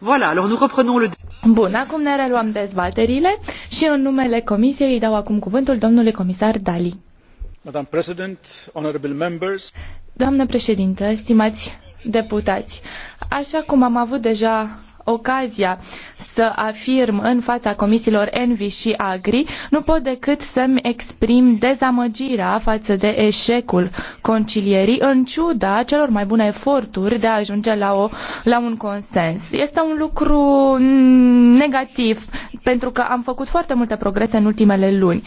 Voilà, alors nous reprenons le... Bun, acum ne reluăm dezbaterile și în numele Comisiei îi dau acum cuvântul domnului comisar Dali. Madame President, honorable members. Doamnă președintă, stimați deputați, așa cum am avut deja ocazia să afirm în fața comisiilor Envi și Agri, nu pot decât să-mi exprim dezamăgirea față de eșecul concilierii, în ciuda celor mai bune eforturi de a ajunge la, o, la un consens. Este un lucru negativ, pentru că am făcut foarte multe progrese în ultimele luni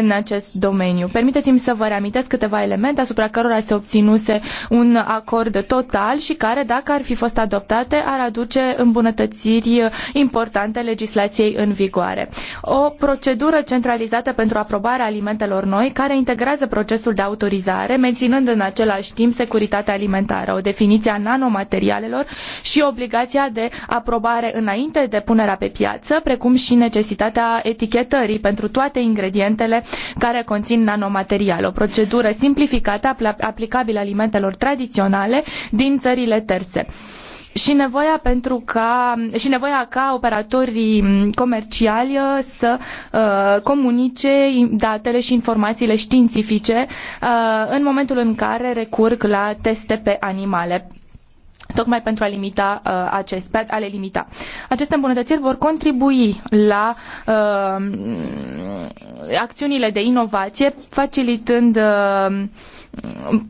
în acest domeniu. Permiteți-mi să vă reamintesc câteva elemente asupra cărora se obținuse un acord total și care, dacă ar fi fost adoptate, ar aduce îmbunătățiri importante legislației în vigoare. O procedură centralizată pentru aprobarea alimentelor noi care integrează procesul de autorizare, menținând în același timp securitatea alimentară, o definiție a nanomaterialelor și obligația de aprobare înainte de punerea pe piață, precum și necesitatea etichetării pentru toate ingredientele care conțin nanomaterial. O procedură simplificată aplicabilă alimentelor tradiționale din țările terțe și nevoia pentru ca și nevoia ca operatorii comerciali uh, să uh, comunice datele și informațiile științifice uh, în momentul în care recurg la teste pe animale tocmai pentru a, limita, uh, acest, a le limita. Aceste îmbunătățiri vor contribui la uh, acțiunile de inovație, facilitând uh,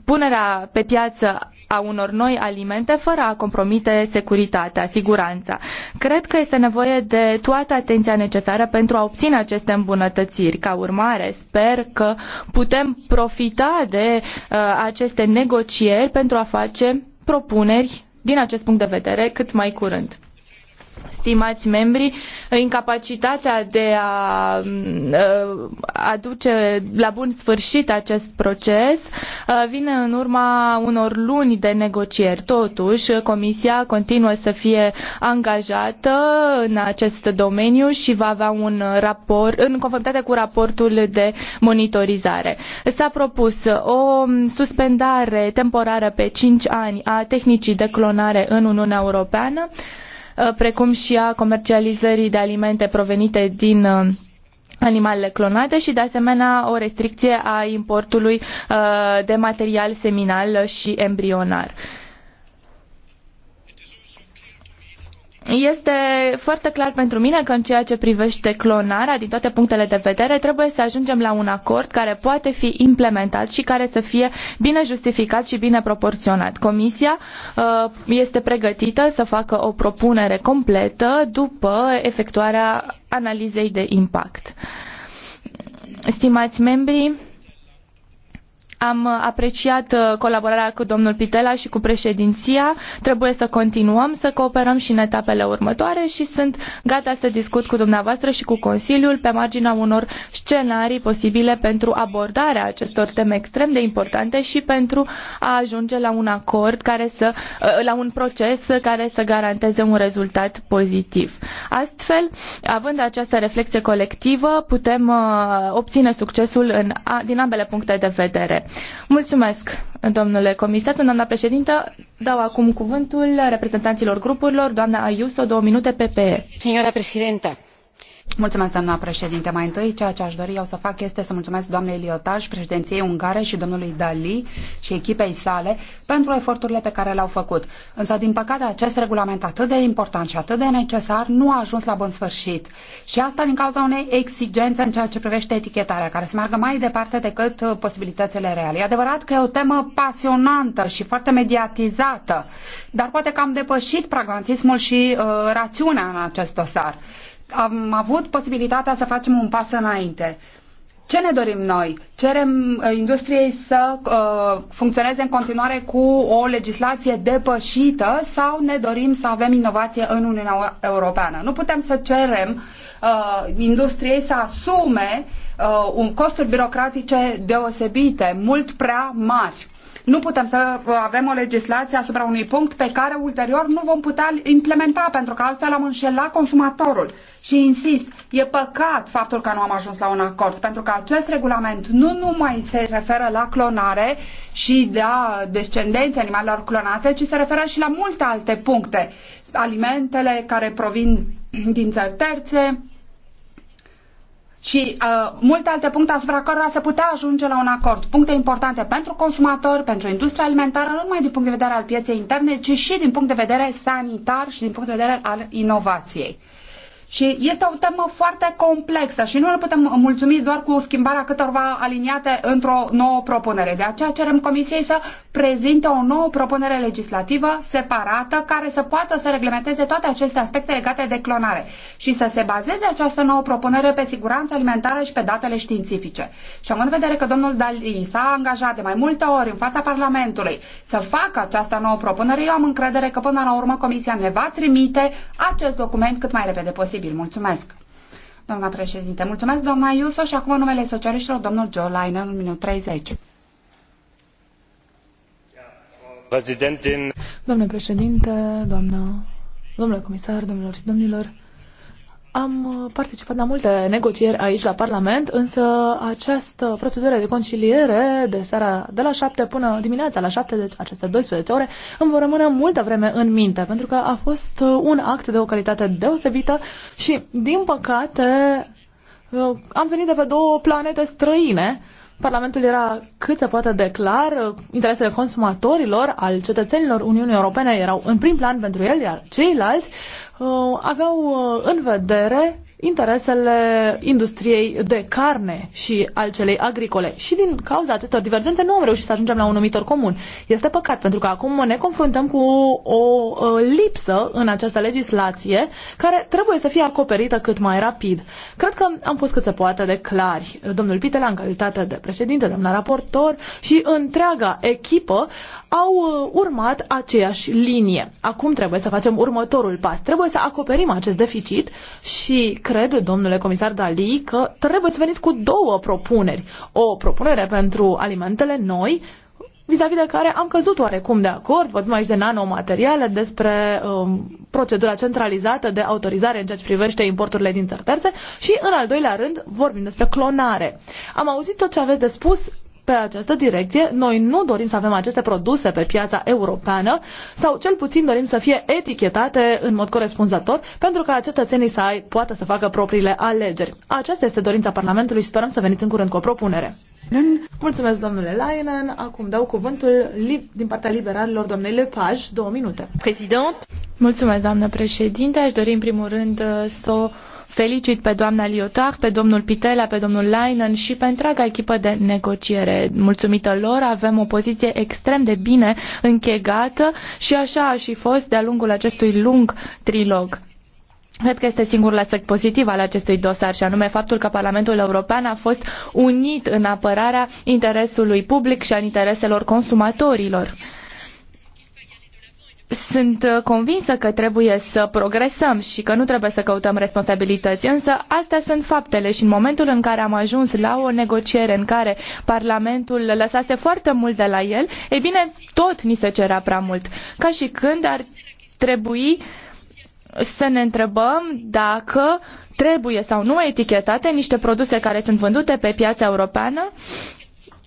punerea pe piață a unor noi alimente fără a compromite securitatea, siguranța. Cred că este nevoie de toată atenția necesară pentru a obține aceste îmbunătățiri. Ca urmare, sper că putem profita de uh, aceste negocieri pentru a face propuneri din acest punct de vedere cât mai curând stimați membri, incapacitatea de a eh, aduce la bun sfârșit acest proces eh, vine în urma unor luni de negocieri. Totuși, Comisia continuă să fie angajată în acest domeniu și va avea un raport în conformitate cu raportul de monitorizare. S-a propus o suspendare temporară pe cinci ani a tehnicii de clonare în Uniunea Europeană. Uh, precum și a comercializării de alimente provenite din uh, animalele clonate și de asemenea o restricție a importului uh, de material seminal și embrionar. Este foarte clar pentru mine că în ceea ce privește clonarea, din toate punctele de vedere, trebuie să ajungem la un acord care poate fi implementat și care să fie bine justificat și bine proporționat. Comisia uh, este pregătită să facă o propunere completă după efectuarea analizei de impact. Stimați membri, am apreciat uh, colaborarea cu domnul Pitela și cu președinția. Trebuie să continuăm să cooperăm și în etapele următoare și sunt gata să discut cu dumneavoastră și cu Consiliul pe marginea unor scenarii posibile pentru abordarea acestor teme extrem de importante și pentru a ajunge la un acord care să, uh, la un proces care să garanteze un rezultat pozitiv. Astfel, având această reflexie colectivă, putem uh, obține succesul în, din ambele puncte de vedere. Mulțumesc, domnule comisar, doamna președintă. Dau acum cuvântul reprezentanților grupurilor, doamna Ayuso, două minute PPE. Señora președintă, Mulțumesc, doamna președinte. Mai întâi, ceea ce aș dori eu să fac este să mulțumesc doamnei Liotaj, președinției ungare și domnului Dali și echipei sale pentru eforturile pe care le-au făcut. Însă, din păcate, acest regulament atât de important și atât de necesar nu a ajuns la bun sfârșit. Și asta din cauza unei exigențe în ceea ce privește etichetarea, care se meargă mai departe decât uh, posibilitățile reale. E adevărat că e o temă pasionantă și foarte mediatizată, dar poate că am depășit pragmatismul și uh, rațiunea în acest dosar am avut posibilitatea să facem un pas înainte. Ce ne dorim noi? Cerem uh, industriei să uh, funcționeze în continuare cu o legislație depășită sau ne dorim să avem inovație în Uniunea Europeană? Nu putem să cerem uh, industriei să asume uh, un costuri birocratice deosebite, mult prea mari. Nu putem să uh, avem o legislație asupra unui punct pe care ulterior nu vom putea implementa, pentru că altfel am înșelat consumatorul. Și insist, e păcat faptul că nu am ajuns la un acord, pentru că acest regulament nu numai se referă la clonare și la descendenții animalelor clonate, ci se referă și la multe alte puncte. Alimentele care provin din țări terțe, și uh, multe alte puncte asupra cărora se putea ajunge la un acord. Puncte importante pentru consumatori, pentru industria alimentară, nu numai din punct de vedere al pieței interne, ci și din punct de vedere sanitar și din punct de vedere al inovației. Și este o temă foarte complexă și nu ne putem mulțumi doar cu schimbarea câtorva aliniate într-o nouă propunere. De aceea cerem Comisiei să prezinte o nouă propunere legislativă separată care să poată să reglementeze toate aceste aspecte legate de clonare și să se bazeze această nouă propunere pe siguranța alimentară și pe datele științifice. Și am în vedere că domnul Dali s-a angajat de mai multe ori în fața Parlamentului să facă această nouă propunere, eu am încredere că până la urmă Comisia ne va trimite acest document cât mai repede posibil posibil. Mulțumesc! Doamna președinte, mulțumesc doamna Iuso și acum numele socialiștilor domnul Joe Linen, în minut 30. Domnule președinte, doamna, domnule comisar, domnilor și domnilor, am uh, participat la multe negocieri aici la Parlament, însă această procedură de conciliere de seara de la 7 până dimineața la 7, deci aceste 12 ore, îmi vor rămâne multă vreme în minte, pentru că a fost uh, un act de o calitate deosebită și, din păcate, uh, am venit de pe două planete străine Parlamentul era cât se poate de clar, uh, interesele consumatorilor, al cetățenilor Uniunii Europene erau în prim plan pentru el, iar ceilalți uh, aveau uh, în vedere interesele industriei de carne și al celei agricole. Și din cauza acestor divergențe nu am reușit să ajungem la un numitor comun. Este păcat pentru că acum ne confruntăm cu o uh, lipsă în această legislație care trebuie să fie acoperită cât mai rapid. Cred că am fost cât se poate de clari. Domnul Pitela, în calitate de președinte, doamna raportor și întreaga echipă au uh, urmat aceeași linie. Acum trebuie să facem următorul pas. Trebuie să acoperim acest deficit și cred, domnule comisar Dali, că trebuie să veniți cu două propuneri. O propunere pentru alimentele noi, vis-a-vis de care am căzut oarecum de acord, vorbim aici de nanomateriale, despre um, procedura centralizată de autorizare în ceea ce privește importurile din țări terțe și, în al doilea rând, vorbim despre clonare. Am auzit tot ce aveți de spus pe această direcție. Noi nu dorim să avem aceste produse pe piața europeană sau cel puțin dorim să fie etichetate în mod corespunzător pentru ca cetățenii să ai, poată să facă propriile alegeri. Aceasta este dorința Parlamentului și sperăm să veniți în curând cu o propunere. Mulțumesc, domnule Leinen. Acum dau cuvântul din partea liberalilor, doamnei Lepaj, două minute. Prezident. Mulțumesc, doamnă președinte. Aș dori în primul rând să o felicit pe doamna Liotar, pe domnul Pitela, pe domnul Leinen și pe întreaga echipă de negociere. Mulțumită lor avem o poziție extrem de bine închegată și așa a și fost de-a lungul acestui lung trilog. Cred că este singurul aspect pozitiv al acestui dosar și anume faptul că Parlamentul European a fost unit în apărarea interesului public și a intereselor consumatorilor. Sunt uh, convinsă că trebuie să progresăm și că nu trebuie să căutăm responsabilități, însă astea sunt faptele și în momentul în care am ajuns la o negociere în care Parlamentul lăsase foarte mult de la el, e bine, tot ni se cerea prea mult. Ca și când ar trebui să ne întrebăm dacă trebuie sau nu etichetate niște produse care sunt vândute pe piața europeană uh,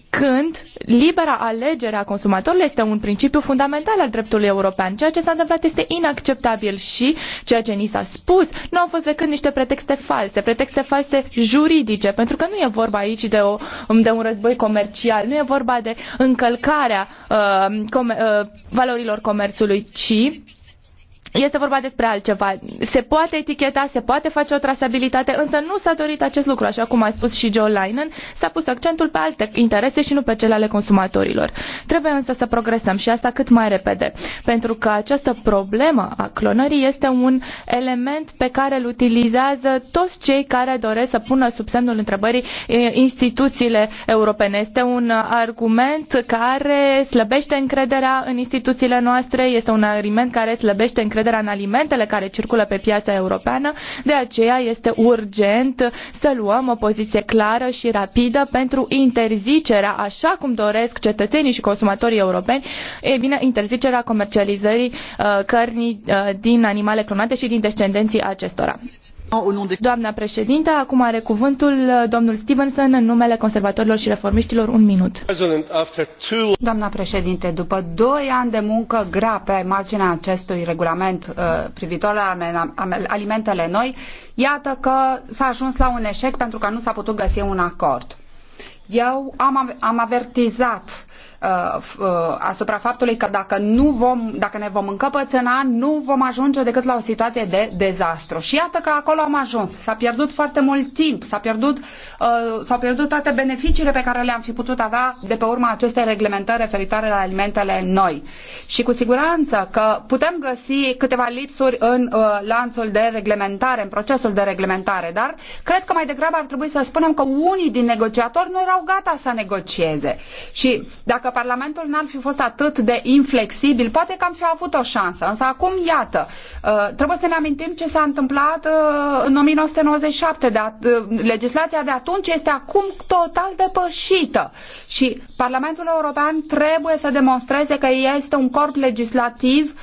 când libera alegere a consumatorului este un principiu fundamental al dreptului european. Ceea ce s-a întâmplat este inacceptabil și ceea ce ni s-a spus nu au fost decât niște pretexte false, pretexte false juridice, pentru că nu e vorba aici de, o, de un război comercial, nu e vorba de încălcarea uh, com, uh, valorilor comerțului, ci este vorba despre altceva. Se poate eticheta, se poate face o trasabilitate, însă nu s-a dorit acest lucru, așa cum a spus și Joe Linen, s-a pus accentul pe alte interese și nu pe cele ale consumatorilor. Trebuie însă să progresăm și asta cât mai repede, pentru că această problemă a clonării este un element pe care îl utilizează toți cei care doresc să pună sub semnul întrebării instituțiile europene. Este un argument care slăbește încrederea în instituțiile noastre, este un argument care slăbește încrederea încrederea în alimentele care circulă pe piața europeană. De aceea este urgent să luăm o poziție clară și rapidă pentru interzicerea, așa cum doresc cetățenii și consumatorii europeni, e bine, interzicerea comercializării uh, cărnii uh, din animale clonate și din descendenții acestora. Doamna Președintă, acum are cuvântul uh, domnul Stevenson în numele conservatorilor și reformiștilor. Un minut. Doamna președinte, după doi ani de muncă grea pe marginea acestui regulament uh, privitor la alimentele noi, iată că s-a ajuns la un eșec pentru că nu s-a putut găsi un acord. Eu am, am avertizat Uh, uh, asupra faptului că dacă, nu vom, dacă ne vom încăpățâna, nu vom ajunge decât la o situație de dezastru. Și iată că acolo am ajuns. S-a pierdut foarte mult timp, s-a pierdut, uh, s-au pierdut toate beneficiile pe care le-am fi putut avea de pe urma acestei reglementări referitoare la alimentele noi. Și cu siguranță că putem găsi câteva lipsuri în lanțul de reglementare, în procesul de reglementare, dar cred că mai degrabă ar trebui să spunem că unii din negociatori nu erau gata să negocieze. Și dacă dacă Parlamentul n-ar fi fost atât de inflexibil, poate că am fi avut o șansă. Însă acum, iată, uh, trebuie să ne amintim ce s-a întâmplat uh, în 1997. De uh, legislația de atunci este acum total depășită și Parlamentul European trebuie să demonstreze că este un corp legislativ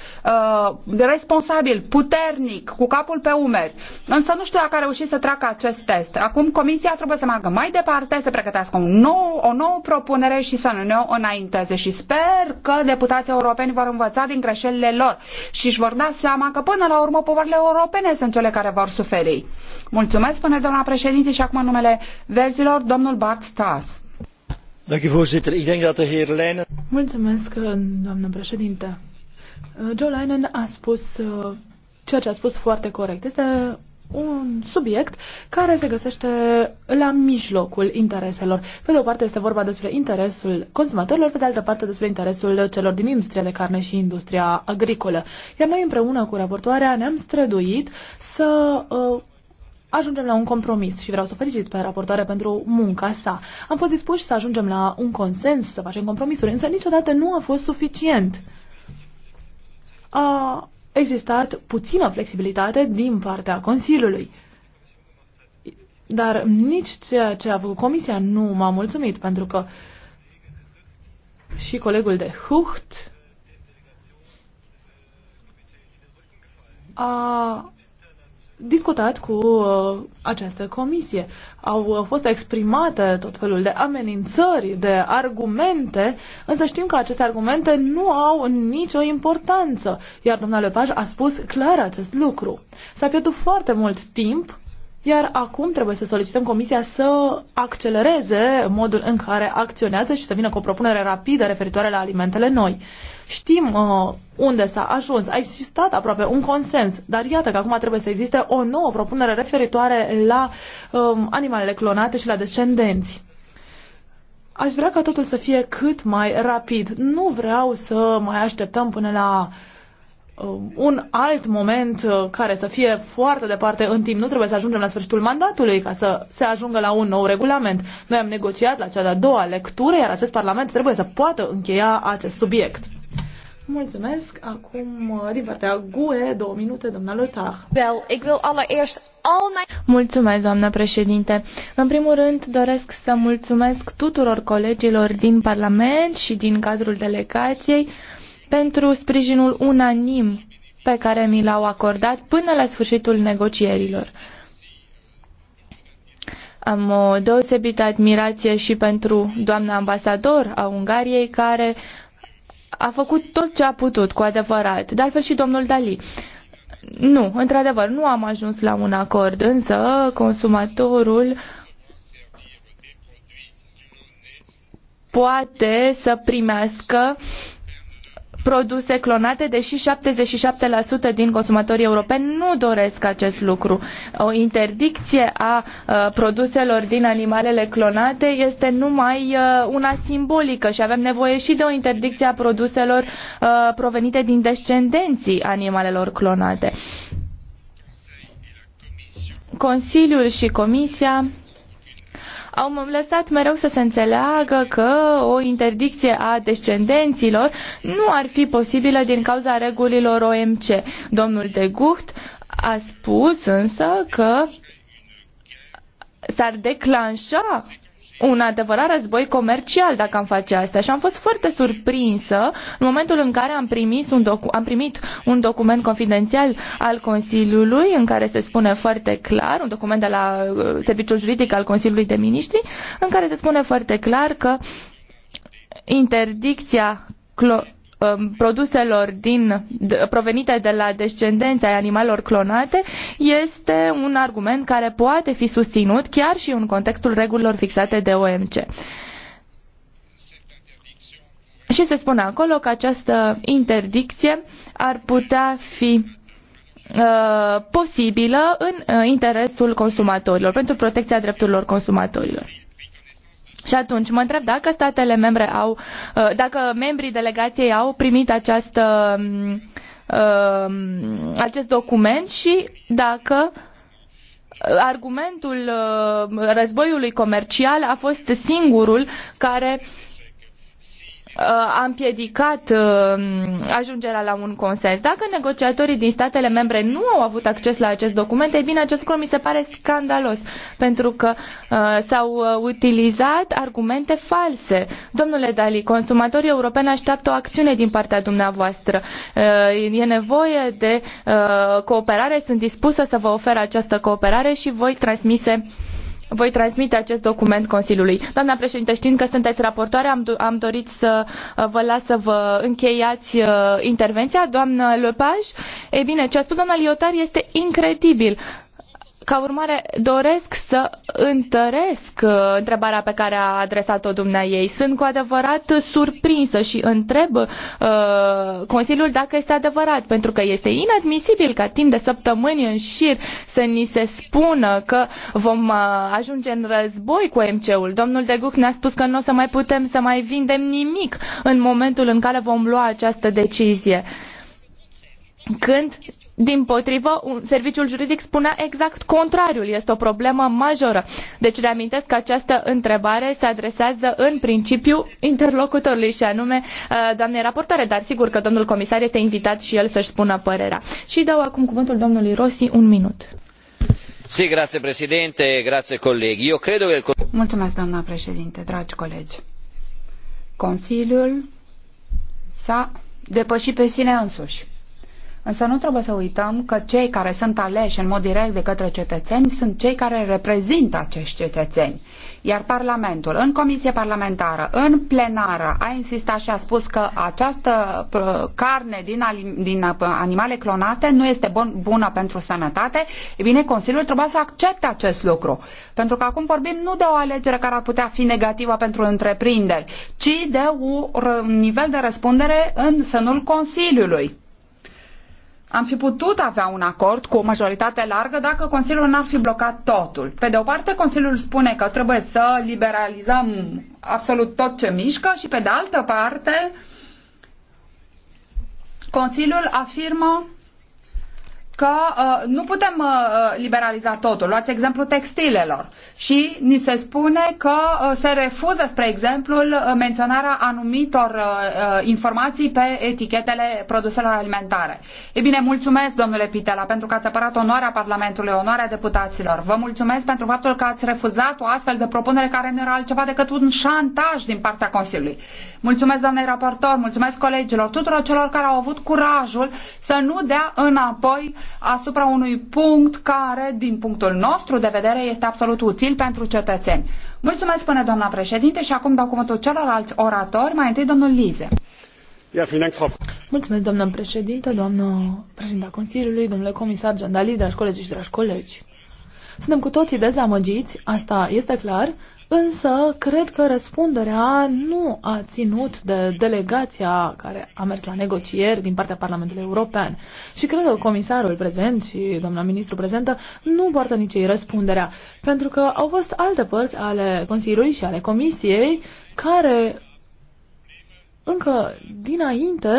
responsabil, puternic, cu capul pe umeri. Însă nu știu dacă a reușit să treacă acest test. Acum Comisia trebuie să meargă mai departe, să pregătească un nou, o nouă propunere și să ne o înainte înainteze și sper că deputații europeni vor învăța din greșelile lor și își vor da seama că până la urmă popoarele europene sunt cele care vor suferi. Mulțumesc, spune doamna președinte, și acum în numele verzilor, domnul Bart Stas. Mulțumesc, doamnă președinte. Joe Leinen a spus uh, ceea ce a spus foarte corect. Este un subiect care se găsește la mijlocul intereselor. Pe de o parte este vorba despre interesul consumatorilor, pe de altă parte despre interesul celor din industria de carne și industria agricolă. Iar noi împreună cu raportoarea ne-am străduit să uh, ajungem la un compromis și vreau să felicit pe raportoare pentru munca sa. Am fost dispuși să ajungem la un consens, să facem compromisuri, însă niciodată nu a fost suficient. Uh, existat puțină flexibilitate din partea Consiliului. Dar nici ceea ce a făcut Comisia nu m-a mulțumit, pentru că și colegul de Hucht a discutat cu uh, această comisie. Au uh, fost exprimate tot felul de amenințări, de argumente, însă știm că aceste argumente nu au nicio importanță. Iar domnul Lepaj a spus clar acest lucru. S-a pierdut foarte mult timp iar acum trebuie să solicităm Comisia să accelereze modul în care acționează și să vină cu o propunere rapidă referitoare la alimentele noi. Știm uh, unde s-a ajuns. A existat aproape un consens, dar iată că acum trebuie să existe o nouă propunere referitoare la um, animalele clonate și la descendenți. Aș vrea ca totul să fie cât mai rapid. Nu vreau să mai așteptăm până la uh, Um, un alt moment uh, care să fie foarte departe în timp. Nu trebuie să ajungem la sfârșitul mandatului ca să se ajungă la un nou regulament. Noi am negociat la cea de-a doua lectură, iar acest Parlament trebuie să poată încheia acest subiect. Mulțumesc. Acum, uh, din partea GUE, două minute, doamna Lotach. Wel, ik wil allereerst al mijn... Mulțumesc, doamna președinte. În primul rând, doresc să mulțumesc tuturor colegilor din Parlament și din cadrul delegației pentru sprijinul unanim pe care mi l-au acordat până la sfârșitul negocierilor. Am o deosebită admirație și pentru doamna ambasador a Ungariei, care a făcut tot ce a putut, cu adevărat, de altfel și domnul Dali. Nu, într-adevăr, nu am ajuns la un acord, însă consumatorul poate să primească uh, produse clonate, deși 77% din consumatorii europeni nu doresc acest lucru. O interdicție a produselor din animalele clonate este numai una simbolică și avem nevoie și de o interdicție a produselor provenite din descendenții animalelor clonate. Consiliul și Comisia au lăsat mereu să se înțeleagă că o interdicție a descendenților nu ar fi posibilă din cauza regulilor OMC. Domnul de Gucht a spus însă că s-ar declanșa un adevărat război comercial dacă am face asta și am fost foarte surprinsă în momentul în care am, primis un docu- am primit un document confidențial al Consiliului în care se spune foarte clar, un document de la uh, Serviciul Juridic al Consiliului de Ministri, în care se spune foarte clar că interdicția Um, produselor din, provenite de la descendența ai animalelor clonate este un argument care poate fi susținut chiar și în contextul regulilor fixate de OMC. Și se spune acolo că această interdicție ar putea fi uh, posibilă în uh, interesul consumatorilor, pentru protecția drepturilor consumatorilor. Și atunci mă întreb dacă statele membre au, uh, dacă membrii delegației au primit această, um, uh, acest document și dacă argumentul uh, războiului comercial a fost singurul care Uh, a împiedicat uh, ajungerea la un consens. Dacă negociatorii din statele membre nu au avut acces la acest document, e bine, acest lucru mi se pare scandalos, pentru că uh, s-au utilizat argumente false. Domnule Dali, consumatorii europeni așteaptă o acțiune din partea dumneavoastră. E nevoie de cooperare, sunt dispusă să vă ofer această cooperare și voi transmise voi transmite acest document Consiliului. Doamna președinte, știind că sunteți raportoare, am, am dorit să uh, vă las să vă încheiați uh, intervenția. Doamnă Lepaj, e bine, ce a spus doamna Liotar este incredibil. Ca urmare, doresc să întăresc uh, întrebarea pe care a adresat-o dumneaei. Sunt cu adevărat surprinsă și întreb uh, Consiliul dacă este adevărat, pentru că este inadmisibil ca timp de săptămâni în șir să ni se spună că vom uh, ajunge în război cu MC-ul. Domnul de Guc ne-a spus că nu o să mai putem să mai vindem nimic în momentul în care vom lua această decizie când din potrivă, un, serviciul juridic spunea exact contrariul. Este o problemă majoră. Deci reamintesc că această întrebare se adresează în principiu interlocutorului și anume uh, doamnei raportoare, dar sigur că domnul comisar este invitat și el să-și spună părerea. Și dau acum cuvântul domnului Rossi, un minut. Sì, grazie Presidente, grazie colleghi. Io credo che... Mulțumesc, doamna președinte, dragi colegi. Consiliul s-a depășit pe sine însuși Însă nu trebuie să uităm că cei care sunt aleși în mod direct de către cetățeni sunt cei care reprezintă acești cetățeni. Iar Parlamentul, în comisie parlamentară, în plenară, a insistat și a spus că această uh, carne din, din uh, animale clonate nu este bun, bună pentru sănătate. E bine, Consiliul trebuia să accepte acest lucru. Pentru că acum vorbim nu de o alegere care ar putea fi negativă pentru întreprinderi, ci de un nivel de răspundere în sânul Consiliului am fi putut avea un acord cu o majoritate largă dacă Consiliul n-ar fi blocat totul. Pe de o parte, Consiliul spune că trebuie să liberalizăm absolut tot ce mișcă și pe de altă parte, Consiliul afirmă că uh, nu putem uh, uh, liberaliza totul. Luați exemplu textilelor și ni se spune că uh, se refuză, spre exemplu, uh, menționarea anumitor uh, informații pe etichetele produselor alimentare. E bine, mulțumesc, domnule Pitela, pentru că ați apărat onoarea Parlamentului, onoarea deputaților. Vă mulțumesc pentru faptul că ați refuzat o astfel de propunere care nu era altceva decât un șantaj din partea Consiliului. Mulțumesc, doamnei raportor, mulțumesc colegilor, tuturor celor care au avut curajul să nu dea înapoi asupra unui punct care, din punctul nostru de vedere, este absolut util pentru cetățeni. Mulțumesc, spune doamna președinte, și acum dau cuvântul celorlalți oratori, mai întâi domnul Lize. Mulțumesc, doamnă președinte, doamnă a Consiliului, domnule comisar Giandali, dragi colegi și dragi colegi. Suntem cu toții dezamăgiți, asta este clar, Însă, cred că răspunderea nu a ținut de delegația care a mers la negocieri din partea Parlamentului European. Și cred că comisarul prezent și doamna ministru prezentă nu poartă nici ei răspunderea, pentru că au fost alte părți ale Consiliului și ale Comisiei care încă dinainte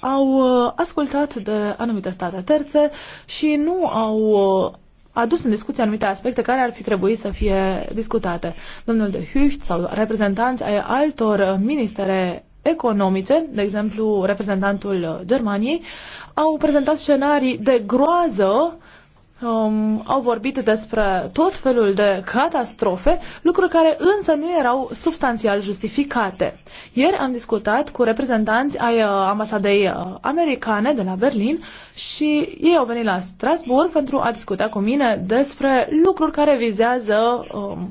au uh, ascultat de anumite state terțe și nu au uh, adus în discuție anumite aspecte care ar fi trebuit să fie discutate. Domnul de Hüft sau reprezentanți ai altor ministere economice, de exemplu reprezentantul Germaniei, au prezentat scenarii de groază um, au vorbit despre tot felul de catastrofe, lucruri care însă nu erau substanțial justificate. Ieri am discutat cu reprezentanți ai uh, ambasadei uh, americane de la Berlin și ei au venit la Strasbourg pentru a discuta cu mine despre lucruri care vizează um,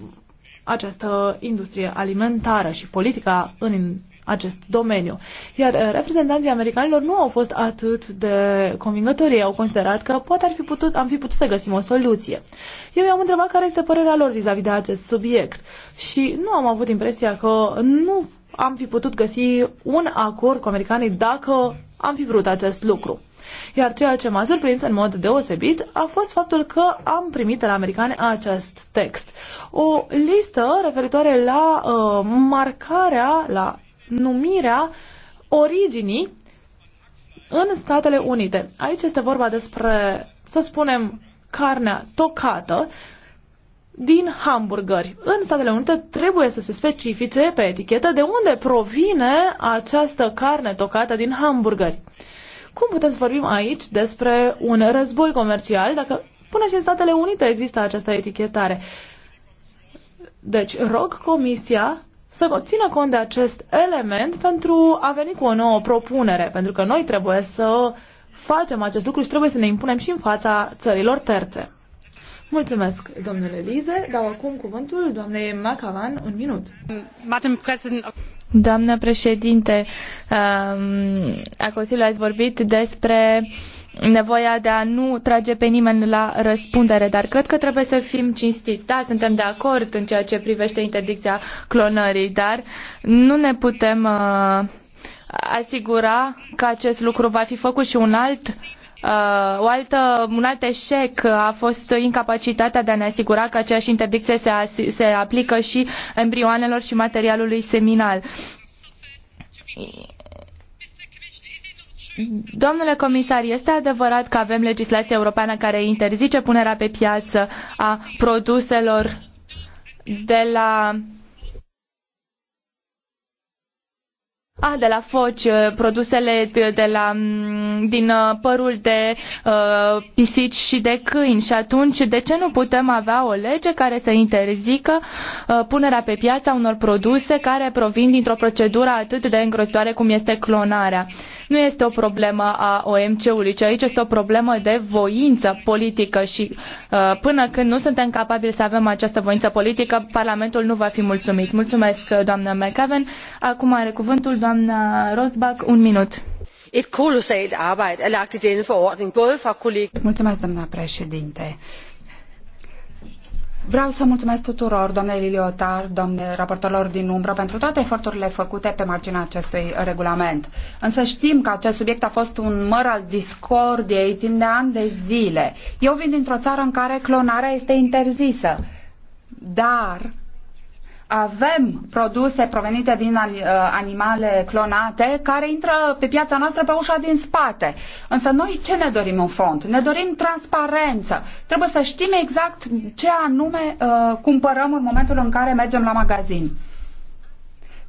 această industrie alimentară și politica în acest domeniu. Iar uh, reprezentanții americanilor nu au fost atât de convingători, au considerat că poate ar fi putut, am fi putut să găsim o soluție. Eu i-am întrebat care este părerea lor vis-a-vis -vis de acest subiect și nu am avut impresia că nu am fi putut găsi un acord cu americanii dacă am fi vrut acest lucru. Iar ceea ce m-a surprins în mod deosebit a fost faptul că am primit de la americani acest text. O listă referitoare la uh, marcarea, la numirea originii în Statele Unite. Aici este vorba despre, să spunem, carnea tocată din hamburgeri. În Statele Unite trebuie să se specifice pe etichetă de unde provine această carne tocată din hamburgeri. Cum putem să vorbim aici despre un război comercial dacă până și în Statele Unite există această etichetare? Deci rog Comisia să țină cont de acest element pentru a veni cu o nouă propunere, pentru că noi trebuie să facem acest lucru și trebuie să ne impunem și în fața țărilor terțe. Mulțumesc, domnule Lize. Dau acum cuvântul doamnei Macavan, un minut. Madam Doamnă președinte, um, a Consiliului ați vorbit despre uh, nevoia de a nu trage pe nimeni la răspundere, dar cred că trebuie să fim cinstiți. Da, suntem de acord în ceea ce privește interdicția clonării, dar nu ne putem uh, asigura că acest lucru va fi făcut și un alt Uh, o altă, un alt eșec a fost incapacitatea de a ne asigura că aceeași interdicție se, se aplică și embrioanelor și materialului seminal Domnule comisar, este adevărat că avem legislație europeană care interzice punerea pe piață a produselor de la Ah, de la foci, uh, produsele de la, mm, din uh, părul de uh, pisici și de câini. Și atunci, de ce nu putem avea o lege care să interzică uh, punerea pe piață a unor produse care provin dintr-o procedură atât de îngrozitoare cum este clonarea? Uh, nu este o problemă a OMC-ului, ci aici este o problemă de voință politică și uh, până când nu suntem capabili să avem această voință politică, Parlamentul nu va fi mulțumit. Mulțumesc, uh, doamna McAven. Acum are cuvântul doamna Rosbach, un minut. Er forordning, både Mulțumesc, doamna președinte. Vreau să mulțumesc tuturor, domnului Liliotar, domnule raportorilor din umbră, pentru toate eforturile făcute pe marginea acestui regulament. Însă știm că acest subiect a fost un măr al discordiei timp de ani de zile. Eu vin dintr-o țară în care clonarea este interzisă, dar avem produse provenite din uh, animale clonate care intră pe piața noastră pe ușa din spate. Însă noi ce ne dorim în fond? Ne dorim transparență. Trebuie să știm exact ce anume uh, cumpărăm în momentul în care mergem la magazin.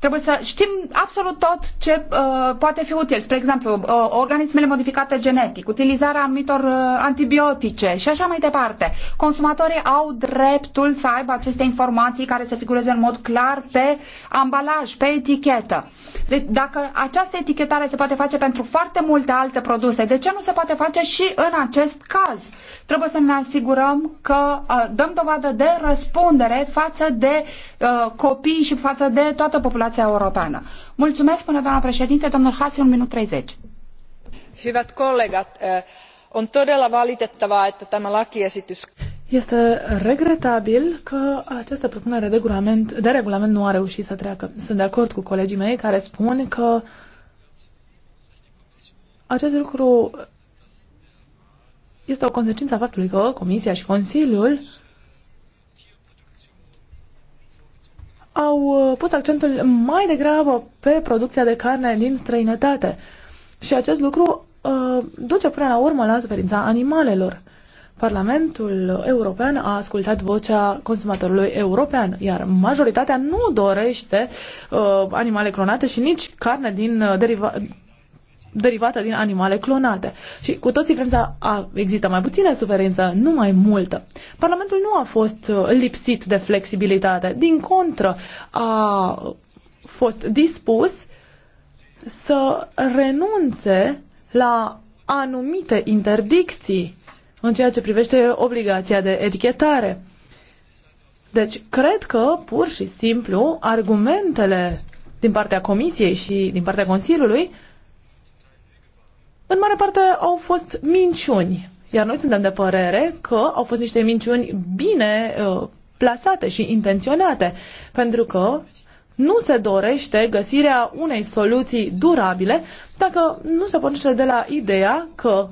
Trebuie să știm absolut tot ce uh, poate fi util. Spre exemplu, uh, organismele modificate genetic, utilizarea anumitor uh, antibiotice și așa mai departe. Consumatorii au dreptul să aibă aceste informații care se figureze în mod clar pe ambalaj, pe etichetă. Deci, dacă această etichetare se poate face pentru foarte multe alte produse, de ce nu se poate face și în acest caz? Trebuie să ne asigurăm că uh, dăm dovadă de răspundere față de uh, copii și față de toată populația europeană. Mulțumesc, până doamna președinte, domnul Hasi, un minut 30. Hyvät kollegat, uh, on todella valitettavaa, että tämä lakiesitys... Este regretabil că această propunere de regulament, de regulament nu a reușit să treacă. Sunt de acord cu colegii mei care spun că acest lucru este o consecință a faptului că Comisia și Consiliul au uh, pus accentul mai degrabă pe producția de carne din străinătate. Și acest lucru uh, duce până la urmă la suferința animalelor. Parlamentul European a ascultat vocea consumatorului european, iar majoritatea nu dorește uh, animale clonate și nici carne din, uh, deriva- derivată din animale clonate. Și cu toții vrem să a, există mai puțină suferință, nu mai multă. Parlamentul nu a fost uh, lipsit de flexibilitate. Din contră, a fost dispus să renunțe la anumite interdicții în ceea ce privește obligația de etichetare. Deci, cred că, pur și simplu, argumentele din partea Comisiei și din partea Consiliului în mare parte au fost minciuni. Iar noi suntem de părere că au fost niște minciuni bine uh, plasate și intenționate, pentru că nu se dorește găsirea unei soluții durabile dacă nu se pornește de la ideea că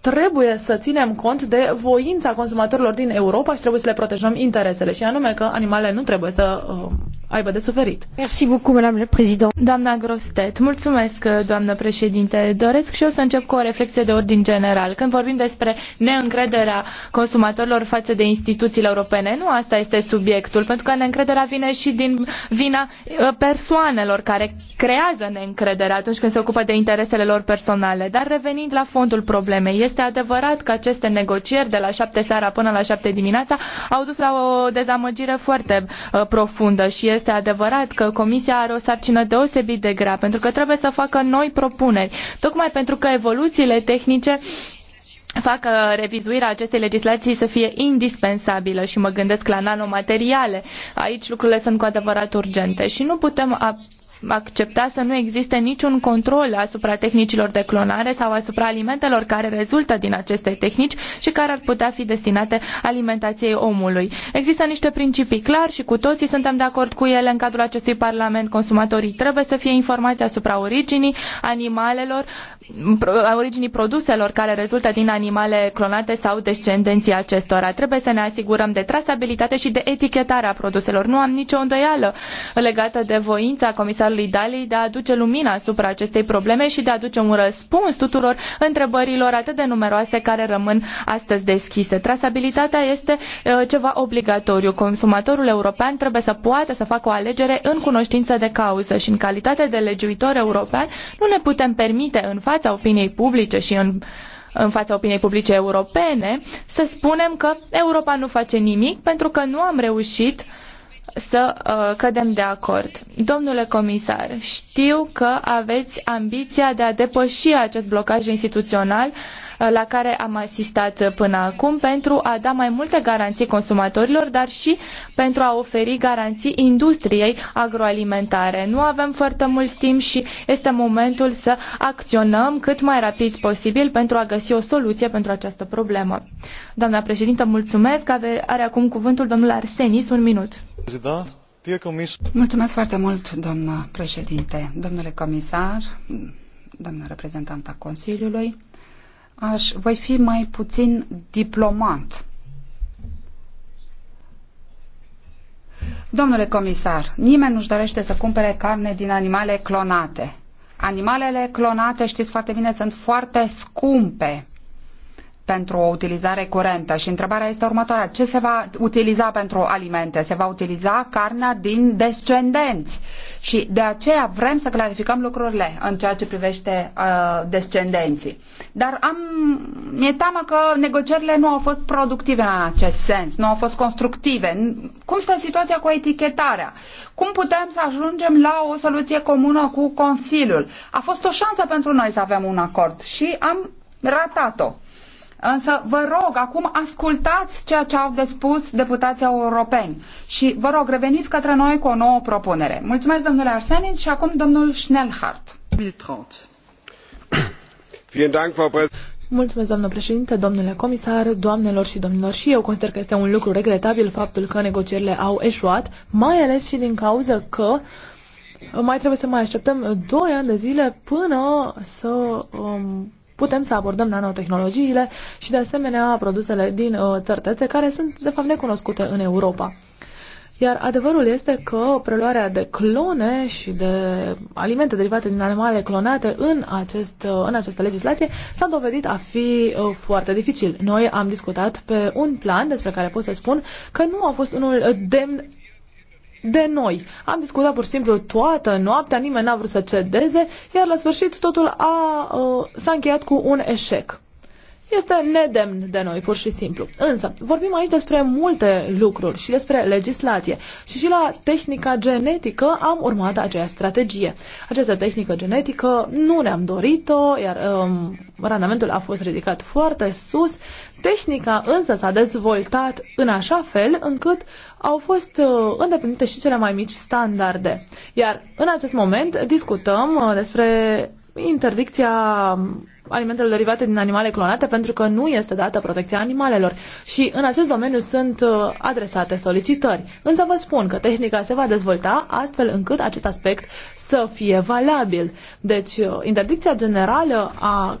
trebuie să ținem cont de voința consumatorilor din Europa și trebuie să le protejăm interesele, și anume că animalele nu trebuie să uh, aibă de suferit. Merci beaucoup, madame le Doamna Grostet, mulțumesc, doamnă președinte. Doresc și eu să încep cu o reflexie de ordin general. Când vorbim despre neîncrederea consumatorilor față de instituțiile europene, nu asta este subiectul, pentru că neîncrederea vine și din vina ă, persoanelor care creează neîncrederea atunci când se ocupă de interesele lor personale. Dar revenind la fondul problemei, este adevărat că aceste negocieri de la șapte seara până la șapte dimineața au dus la o dezamăgire foarte ă, profundă și este este adevărat că Comisia are o sarcină deosebit de grea, pentru că trebuie să facă noi propuneri, tocmai pentru că evoluțiile tehnice fac uh, revizuirea acestei legislații să fie indispensabilă și mă gândesc la nanomateriale. Aici lucrurile sunt cu adevărat urgente și nu putem accepta să nu existe niciun control asupra tehnicilor de clonare sau asupra alimentelor care rezultă din aceste tehnici și care ar putea fi destinate alimentației omului. Există niște principii clar și cu toții suntem de acord cu ele în cadrul acestui Parlament. Consumatorii trebuie să fie informați asupra originii animalelor, a originii produselor care rezultă din animale clonate sau descendenții acestora. Trebuie să ne asigurăm de trasabilitate și de etichetare a produselor. Nu am nicio îndoială legată de voința comisarului al Italiei de a aduce lumina asupra acestei probleme și de a aduce un răspuns tuturor întrebărilor atât de numeroase care rămân astăzi deschise. Trasabilitatea este uh, ceva obligatoriu. Consumatorul european trebuie să poată să facă o alegere în cunoștință de cauză și în calitate de legiuitor european nu ne putem permite în fața opiniei publice și în în fața opiniei publice europene, să spunem că Europa nu face nimic pentru că nu am reușit uh, să uh, cădem de acord. Domnule comisar, știu că aveți ambiția de a depăși acest blocaj instituțional la care am asistat până acum pentru a da mai multe garanții consumatorilor, dar și pentru a oferi garanții industriei agroalimentare. Nu avem foarte mult timp și este momentul să acționăm cât mai rapid posibil pentru a găsi o soluție pentru această problemă. Doamna președintă, mulțumesc. Ave, are acum cuvântul domnul Arsenis, un minut. Da. Mulțumesc foarte mult, doamnă președinte, domnule comisar, doamnă reprezentant a Consiliului aș, voi fi mai puțin diplomat. Domnule comisar, nimeni nu-și dorește să cumpere carne din animale clonate. Animalele clonate, știți foarte bine, sunt foarte scumpe pentru o utilizare curentă și întrebarea este următoarea. Ce se va utiliza pentru alimente? Se va utiliza carnea din descendenți și de aceea vrem să clarificăm lucrurile în ceea ce privește uh, descendenții. Dar am, mi-e teamă că negocierile nu au fost productive în acest sens, nu au fost constructive. Cum stă situația cu etichetarea? Cum putem să ajungem la o soluție comună cu Consiliul? A fost o șansă pentru noi să avem un acord și am ratat-o. Însă vă rog, acum ascultați ceea ce au de spus deputații europeni și vă rog, reveniți către noi cu o nouă propunere. Mulțumesc, domnule Arsenic, și acum domnul Schnellhardt. Mulțumesc, doamnă președinte, domnule comisar, doamnelor și domnilor. Și eu consider că este un lucru regretabil faptul că negocierile au eșuat, mai ales și din cauza că mai trebuie să mai așteptăm 2 ani de zile până să um, putem să abordăm nanotehnologiile și, de asemenea, produsele din uh, țărtețe care sunt, de fapt, necunoscute în Europa. Iar adevărul este că preluarea de clone și de alimente derivate din animale clonate în, acest, uh, în această legislație s-a dovedit a fi uh, foarte dificil. Noi am discutat pe un plan despre care pot să spun că nu a fost unul demn de noi. Am discutat pur și simplu toată noaptea, nimeni n-a vrut să cedeze, iar la sfârșit totul a, uh, s-a încheiat cu un eșec este nedemn de noi, pur și simplu. Însă, vorbim aici despre multe lucruri și despre legislație. Și și la tehnica genetică am urmat aceea strategie. Această tehnică genetică nu ne-am dorit-o, iar um, randamentul a fost ridicat foarte sus. Tehnica însă s-a dezvoltat în așa fel încât au fost uh, îndeplinite și cele mai mici standarde. Iar în acest moment discutăm uh, despre interdicția um, alimentele derivate din animale clonate pentru că nu este dată protecția animalelor și în acest domeniu sunt uh, adresate solicitări. Însă vă spun că tehnica se va dezvolta astfel încât acest aspect să fie valabil. Deci uh, interdicția generală a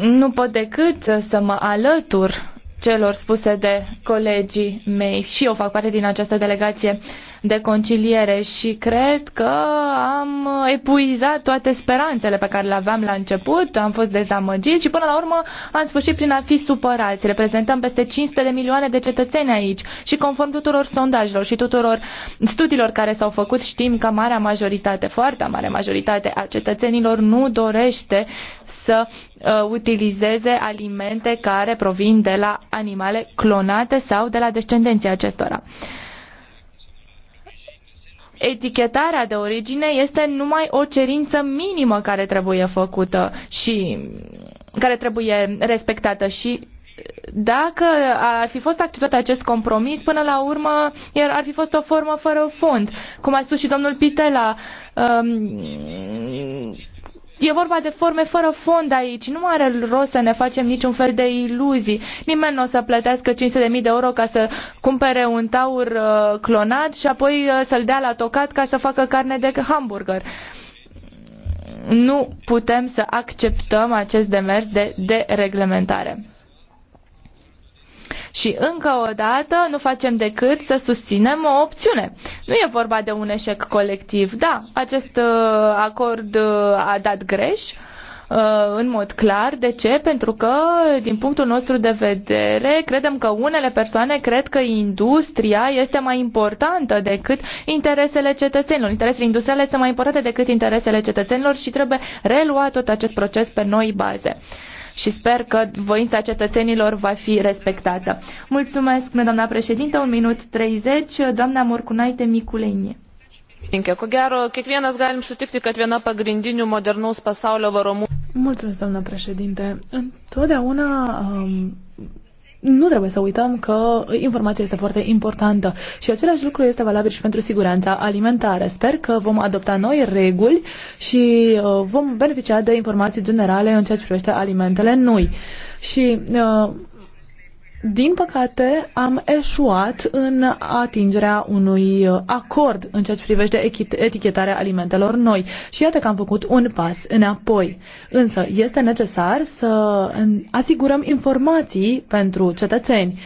nu pot decât să mă alătur celor spuse de colegii mei și eu fac parte din această delegație de conciliere și cred că am epuizat toate speranțele pe care le aveam la început, am fost dezamăgiți și până la urmă am sfârșit prin a fi supărați. Reprezentăm peste 500 de milioane de cetățeni aici și conform tuturor sondajelor și tuturor studiilor care s-au făcut știm că marea majoritate, foarte mare majoritate a cetățenilor nu dorește să uh, utilizeze alimente care provin de la animale clonate sau de la descendenții acestora etichetarea de origine este numai o cerință minimă care trebuie făcută și care trebuie respectată și dacă ar fi fost acceptat acest compromis, până la urmă iar ar fi fost o formă fără fond. Cum a spus și domnul Pitela, um, E vorba de forme fără fond aici. Nu are rost să ne facem niciun fel de iluzii. Nimeni nu o să plătească 500.000 de euro ca să cumpere un taur uh, clonat și apoi uh, să-l dea la tocat ca să facă carne de hamburger. Nu putem să acceptăm acest demers de dereglementare. Și încă o dată nu facem decât să susținem o opțiune. Nu e vorba de un eșec colectiv. Da, acest uh, acord uh, a dat greș uh, în mod clar. De ce? Pentru că, din punctul nostru de vedere, credem că unele persoane cred că industria este mai importantă decât interesele cetățenilor. Interesele industriale sunt mai importante decât interesele cetățenilor și trebuie reluat tot acest proces pe noi baze și sper că voința cetățenilor va fi respectată. Mulțumesc, doamna președinte, un minut 30, doamna Morcunaite Miculenie. Ko gero, kiekvienas galim sutikti, kad viena pagrindinių modernaus pasaulio varomų. Mulțumesc, doamna președinte. Întotdeauna um, nu trebuie să uităm că informația este foarte importantă și același lucru este valabil și pentru siguranța alimentară. Sper că vom adopta noi reguli și uh, vom beneficia de informații generale în ceea ce privește alimentele noi. Și uh, din păcate, am eșuat în atingerea unui acord în ceea ce privește etichetarea alimentelor noi. Și iată că am făcut un pas înapoi. Însă, este necesar să asigurăm informații pentru cetățeni.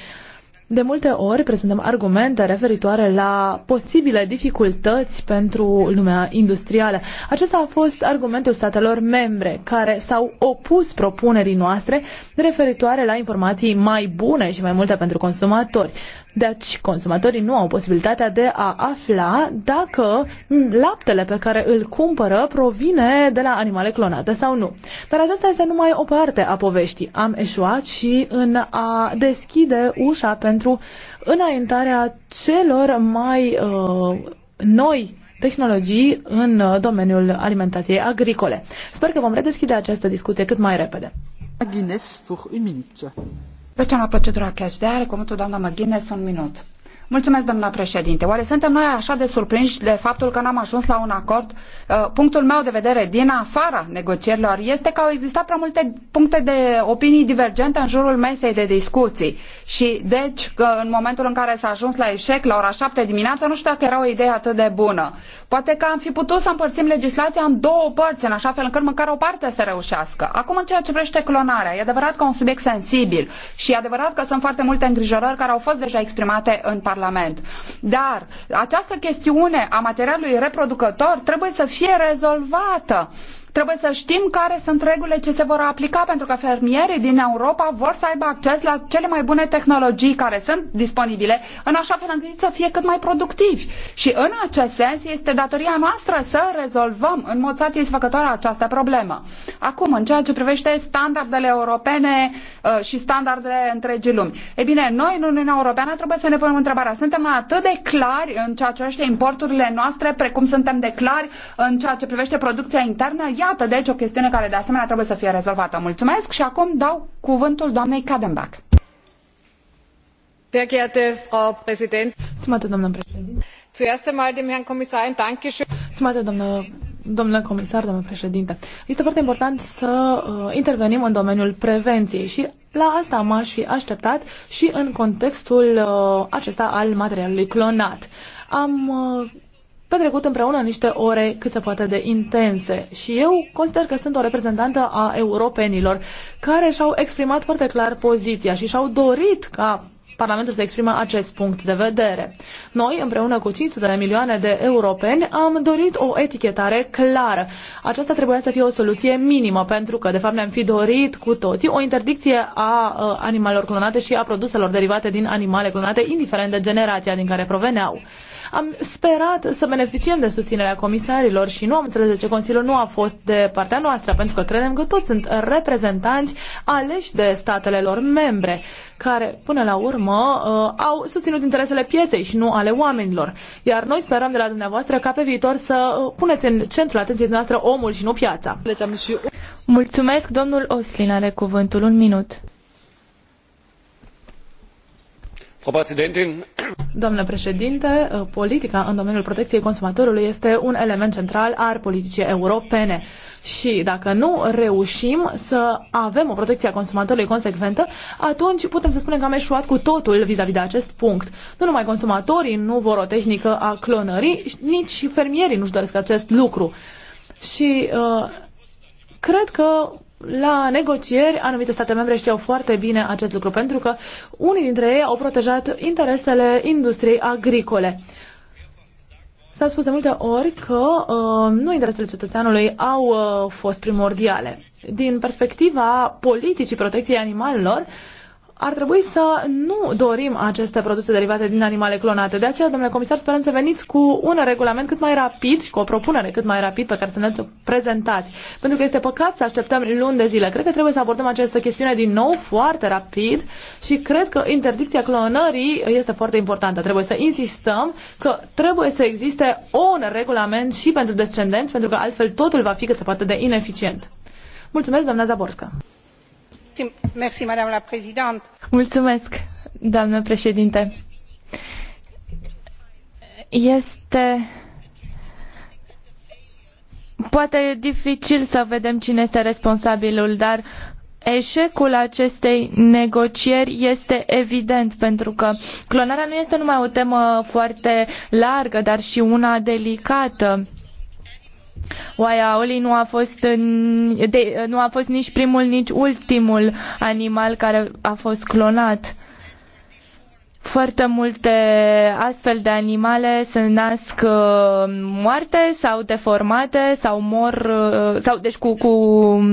De multe ori prezentăm argumente referitoare la posibile dificultăți pentru lumea industrială. Acesta a fost argumentul statelor membre care s-au opus propunerii noastre referitoare la informații mai bune și mai multe pentru consumatori. Deci, consumatorii nu au posibilitatea de a afla dacă laptele pe care îl cumpără provine de la animale clonate sau nu. Dar aceasta este numai o parte a poveștii. Am eșuat și în a deschide ușa pentru înaintarea celor mai uh, noi tehnologii în domeniul alimentației agricole. Sper că vom redeschide această discuție cât mai repede. Guinness, pour une minute. Trecem la procedura cash de are. Cuvântul doamna McGuinness, un minut. Mulțumesc, doamna președinte. Oare suntem noi așa de surprinși de faptul că n-am ajuns la un acord? Uh, punctul meu de vedere din afara negocierilor este că au existat prea multe puncte de opinii divergente în jurul mesei de discuții. Și deci, că în momentul în care s-a ajuns la eșec, la ora 7 dimineața, nu știu dacă era o idee atât de bună. Poate că am fi putut să împărțim legislația în două părți, în așa fel încât măcar o parte să reușească. Acum, în ceea ce vrește clonarea, e adevărat că un subiect sensibil și e adevărat că sunt foarte multe îngrijorări care au fost deja exprimate în Parlament. Parlament. Dar această chestiune a materialului reproducător trebuie să fie rezolvată. Trebuie să știm care sunt regulile ce se vor aplica pentru că fermierii din Europa vor să aibă acces la cele mai bune tehnologii care sunt disponibile în așa fel încât să fie cât mai productivi. Și în acest sens este datoria noastră să rezolvăm în mod satisfăcător această problemă. Acum, în ceea ce privește standardele europene uh, și standardele întregii lumi. Ei bine, noi în Uniunea Europeană trebuie să ne punem întrebarea. Suntem atât de clari în ceea ce privește importurile noastre, precum suntem de clari în ceea ce privește producția internă? Iată, deci, o chestiune care de asemenea trebuie să fie rezolvată. Mulțumesc și acum dau cuvântul doamnei Kadenbach. Sehr geehrte Frau Präsident. Stimate doamnă președinte. Zuerst einmal dem Herrn Kommissar ein Dankeschön. Stimate doamnă Domnule comisar, domnule președinte, este foarte important să uh, intervenim în domeniul prevenției și la asta m-aș fi așteptat și în contextul uh, acesta al materialului clonat. Am uh, petrecut împreună niște ore cât se poate de intense. Și eu consider că sunt o reprezentantă a europenilor care și-au exprimat foarte clar poziția și și-au dorit ca Parlamentul să exprimă acest punct de vedere. Noi, împreună cu 500 de milioane de europeni, am dorit o etichetare clară. Aceasta trebuia să fie o soluție minimă, pentru că, de fapt, ne-am fi dorit cu toții o interdicție a uh, animalelor clonate și a produselor derivate din animale clonate, indiferent de generația din care proveneau. Am sperat să beneficiem de susținerea comisarilor și nu am înțeles de ce Consiliul nu a fost de partea noastră, pentru că credem că toți sunt reprezentanți aleși de statele lor membre, care până la urmă uh, au susținut interesele pieței și nu ale oamenilor. Iar noi sperăm de la dumneavoastră ca pe viitor să uh, puneți în centrul atenției noastre omul și nu piața. Mulțumesc, domnul Oslin are cuvântul. Un minut Domnule președinte, uh, politica în domeniul protecției consumatorului este un element central al politicii europene și dacă nu reușim să avem o protecție a consumatorului consecventă, atunci putem să spunem că am eșuat cu totul vis-a-vis -vis de acest punct. Nu numai consumatorii nu vor o tehnică a clonării, nici fermierii nu-și doresc acest lucru. Și uh, cred că la negocieri, anumite state membre știau foarte bine acest lucru, pentru că unii dintre ei au protejat interesele industriei agricole. S-a spus de multe ori că uh, nu interesele cetățeanului au uh, fost primordiale. Din perspectiva politicii protecției animalelor, uh, ar trebui să nu dorim aceste produse derivate din animale clonate. De aceea, domnule comisar, sperăm să veniți cu un regulament cât mai rapid și cu o propunere cât mai rapid pe care să ne prezentați. Pentru că este păcat să așteptăm luni de zile. Cred că trebuie să abordăm această chestiune din nou foarte rapid și cred că interdicția clonării este foarte importantă. Trebuie să insistăm că trebuie să existe un regulament și pentru descendenți, pentru că altfel totul va fi cât se poate de ineficient. Mulțumesc, doamna Zaborska. Mulțumesc, doamnă președinte. Este poate e dificil să vedem cine este responsabilul, dar Eșecul acestei negocieri este evident pentru că clonarea nu este numai o temă foarte largă, dar și una delicată. Oaia Oli nu a, fost, de, nu a fost nici primul, nici ultimul animal care a fost clonat. Foarte multe astfel de animale se nasc uh, moarte sau deformate sau mor, uh, sau, deci cu, cu,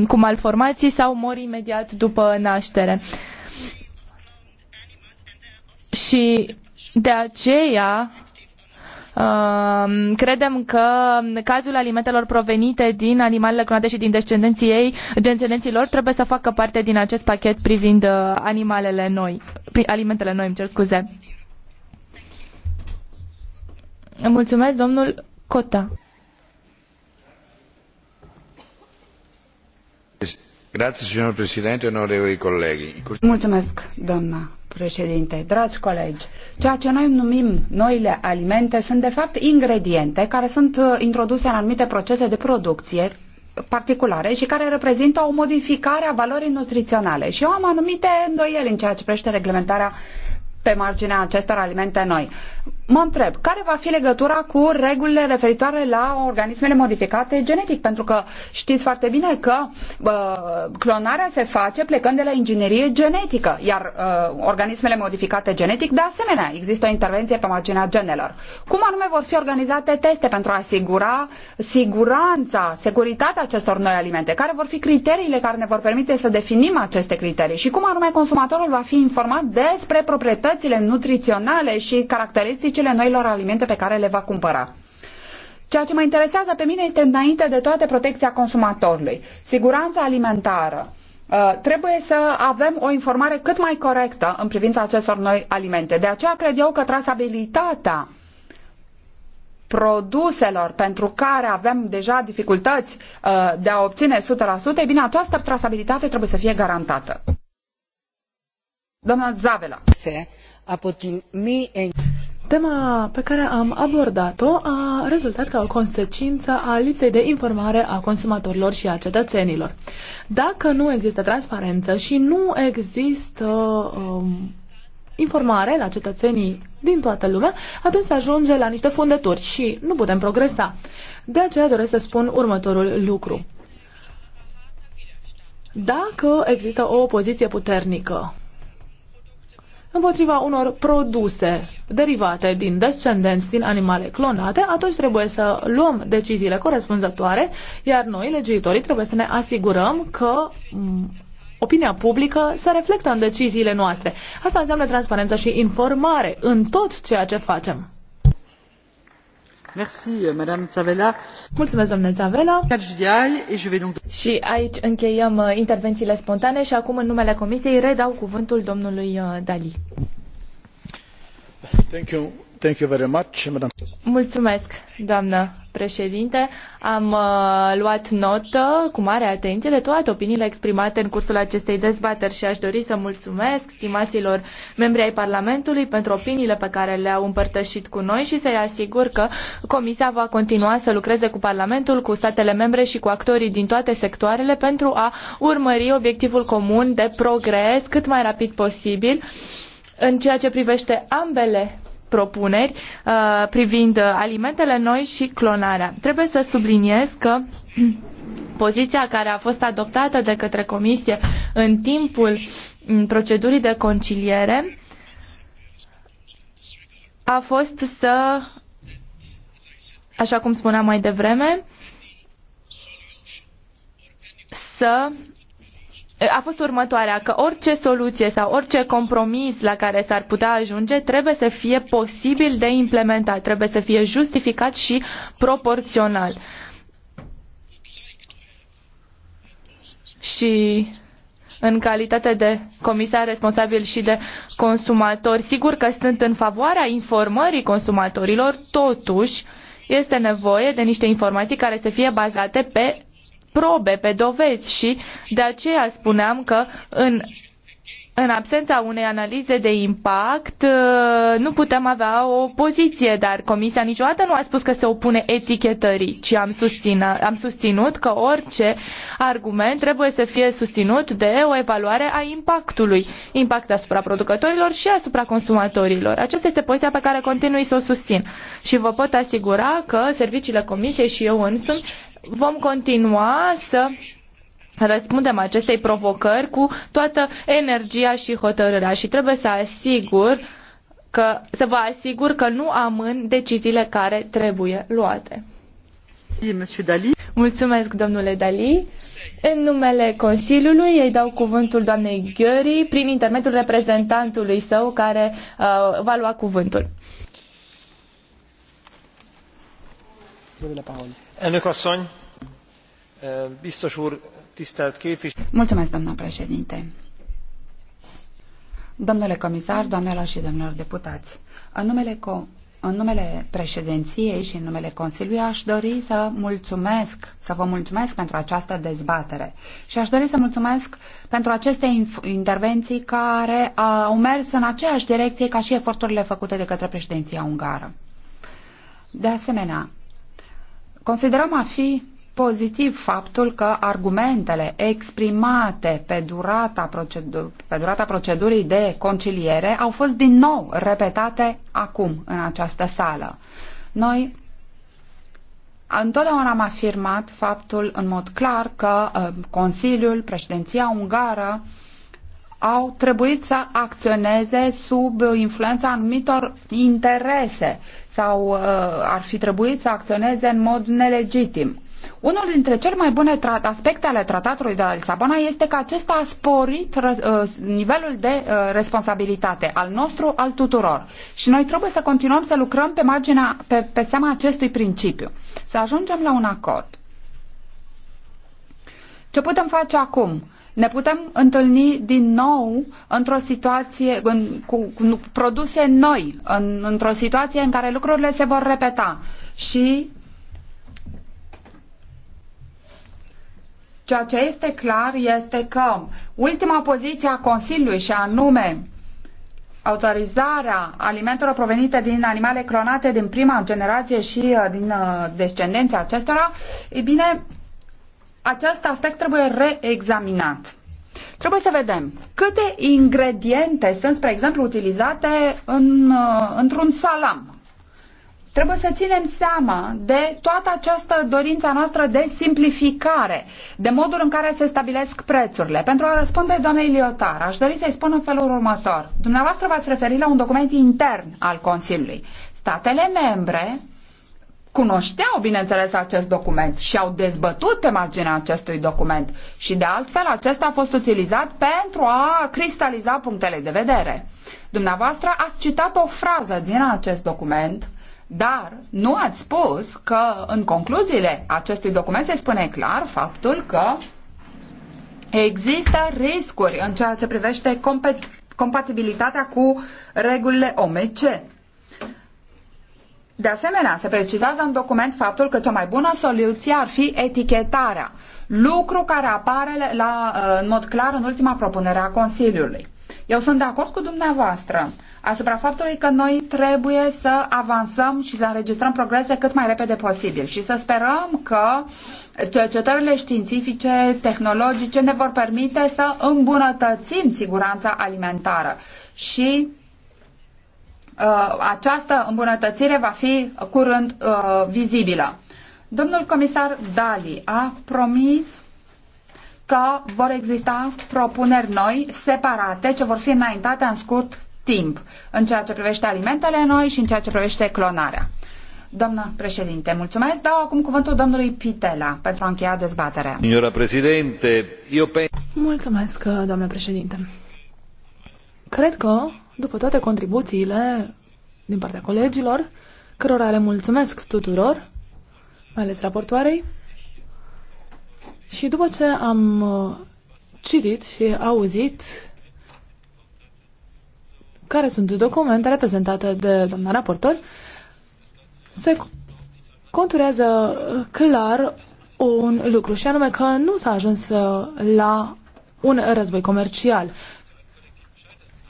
cu malformații sau mor imediat după naștere. Și de aceea Um, credem că cazul alimentelor provenite din animalele clonate și din descendenții ei, descendenții lor, trebuie să facă parte din acest pachet privind uh, animalele noi, alimentele noi, îmi cer scuze. Mulțumesc, domnul Cota. Mulțumesc, președinte, dragi colegi. Ceea ce noi numim noile alimente sunt de fapt ingrediente care sunt uh, introduse în anumite procese de producție particulare și care reprezintă o modificare a valorii nutriționale. Și eu am anumite îndoieli în ceea ce privește reglementarea pe marginea acestor alimente noi mă întreb, care va fi legătura cu regulile referitoare la organismele modificate genetic? Pentru că știți foarte bine că uh, clonarea se face plecând de la inginerie genetică, iar uh, organismele modificate genetic, de asemenea, există o intervenție pe marginea genelor. Cum anume vor fi organizate teste pentru a asigura siguranța, securitatea acestor noi alimente? Care vor fi criteriile care ne vor permite să definim aceste criterii? Și cum anume consumatorul va fi informat despre proprietățile nutriționale și caracteristici beneficiile noilor alimente pe care le va cumpăra. Ceea ce mă interesează pe mine este înainte de toate protecția consumatorului, siguranța alimentară. Uh, trebuie să avem o informare cât mai corectă în privința acestor noi alimente. De aceea cred eu că trasabilitatea produselor pentru care avem deja dificultăți uh, de a obține 100%, e bine, această trasabilitate trebuie să fie garantată. Doamna Zavela. Tema pe care am abordat-o a rezultat ca o consecință a lipsei de informare a consumatorilor și a cetățenilor. Dacă nu există transparență și nu există um, informare la cetățenii din toată lumea, atunci se ajunge la niște fundături și nu putem progresa. De aceea doresc să spun următorul lucru. Dacă există o opoziție puternică împotriva unor produse derivate din descendenți din animale clonate, atunci trebuie să luăm deciziile corespunzătoare, iar noi, legiuitorii, trebuie să ne asigurăm că mm, opinia publică se reflectă în deciziile noastre. Asta înseamnă transparență și informare în tot ceea ce facem. Euh, și aici încheiem uh, intervențiile spontane și acum, în numele Comisiei, redau cuvântul domnului uh, dalli. Thank you. Thank you very much, Mulțumesc, doamnă președinte. Am uh, luat notă cu mare atenție de toate opiniile exprimate în cursul acestei dezbateri și aș dori să mulțumesc stimaților membri ai Parlamentului pentru opiniile pe care le-au împărtășit cu noi și să-i asigur că Comisia va continua să lucreze cu Parlamentul, cu statele membre și cu actorii din toate sectoarele pentru a urmări obiectivul comun de progres cât mai rapid posibil în ceea ce privește ambele propuneri uh, privind alimentele noi și clonarea. Trebuie să subliniez că poziția care a fost adoptată de către Comisie în timpul procedurii de conciliere a fost să, așa cum spuneam mai devreme, să a fost următoarea, că orice soluție sau orice compromis la care s-ar putea ajunge trebuie să fie posibil de implementat, trebuie să fie justificat și proporțional. Și în calitate de comisar responsabil și de consumatori, sigur că sunt în favoarea informării consumatorilor, totuși este nevoie de niște informații care să fie bazate pe probe, pe dovezi și de aceea spuneam că în în absența unei analize de impact, uh, nu putem avea o poziție, dar Comisia niciodată nu a spus că se opune etichetării, ci am, susțină, am susținut că orice argument trebuie să fie susținut de o evaluare a impactului, impact asupra producătorilor și asupra consumatorilor. Aceasta este poziția pe care continui să o susțin și vă pot asigura că serviciile Comisiei și eu însumi vom continua să răspundem acestei provocări cu toată energia și hotărârea și trebuie să asigur că, să vă asigur că nu amân deciziile care trebuie luate. Mulțumesc, domnule Dali. În numele Consiliului îi dau cuvântul doamnei Gheori prin intermediul reprezentantului său care uh, va lua cuvântul. Domnule asszony, Mulțumesc, președinte! Domnule comisar, doamnelor și domnilor deputați, în numele, co- în numele președinției și în numele Consiliului aș dori să mulțumesc, să vă mulțumesc pentru această dezbatere și aș dori să mulțumesc pentru aceste intervenții care au mers în aceeași direcție ca și eforturile făcute de către președinția ungară. De asemenea, considerăm a fi pozitiv faptul că argumentele exprimate pe durata, procedur- pe durata procedurii de conciliere au fost din nou repetate acum, în această sală. Noi întotdeauna am afirmat faptul în mod clar că uh, Consiliul, președinția ungară, au trebuit să acționeze sub influența anumitor interese sau uh, ar fi trebuit să acționeze în mod nelegitim. Unul dintre cele mai bune aspecte ale tratatului de la Lisabona este că acesta a sporit uh, nivelul de uh, responsabilitate al nostru, al tuturor. Și noi trebuie să continuăm să lucrăm pe, marginea, pe, pe seama acestui principiu, să ajungem la un acord. Ce putem face acum? ne putem întâlni din nou într-o situație în, cu, cu produse noi, în, într-o situație în care lucrurile se vor repeta și Ceea ce este clar este că ultima poziție a Consiliului și anume autorizarea alimentelor provenite din animale clonate din prima generație și uh, din uh, descendența acestora, e bine, acest aspect trebuie reexaminat. Trebuie să vedem câte ingrediente sunt, spre exemplu, utilizate în, uh, într-un salam Trebuie să ținem seama de toată această dorință noastră de simplificare, de modul în care se stabilesc prețurile. Pentru a răspunde doamnei Liotar, aș dori să-i spun în felul următor. Dumneavoastră v-ați referit la un document intern al Consiliului. Statele membre cunoșteau, bineînțeles, acest document și au dezbătut pe marginea acestui document. Și de altfel, acesta a fost utilizat pentru a cristaliza punctele de vedere. Dumneavoastră ați citat o frază din acest document dar nu ați spus că în concluziile acestui document se spune clar faptul că există riscuri în ceea ce privește compatibilitatea cu regulile OMC. De asemenea, se precizează în document faptul că cea mai bună soluție ar fi etichetarea, lucru care apare la, în mod clar în ultima propunere a Consiliului. Eu sunt de acord cu dumneavoastră asupra faptului că noi trebuie să avansăm și să înregistrăm progrese cât mai repede posibil și să sperăm că cercetările științifice, tehnologice ne vor permite să îmbunătățim siguranța alimentară și uh, această îmbunătățire va fi curând uh, vizibilă. Domnul comisar Dali a promis că vor exista propuneri noi, separate, ce vor fi înaintate în scurt timp în ceea ce privește alimentele noi și în ceea ce privește clonarea. Doamna președinte, mulțumesc. Dau acum cuvântul domnului Pitela pentru a încheia dezbaterea. Signora președinte, eu pe... Mulțumesc, doamna președinte. Cred că, după toate contribuțiile din partea colegilor, cărora le mulțumesc tuturor, mai ales raportoarei, și după ce am uh, citit și auzit care sunt documentele prezentate de doamna raportor, se conturează clar un lucru și anume că nu s-a ajuns la un război comercial.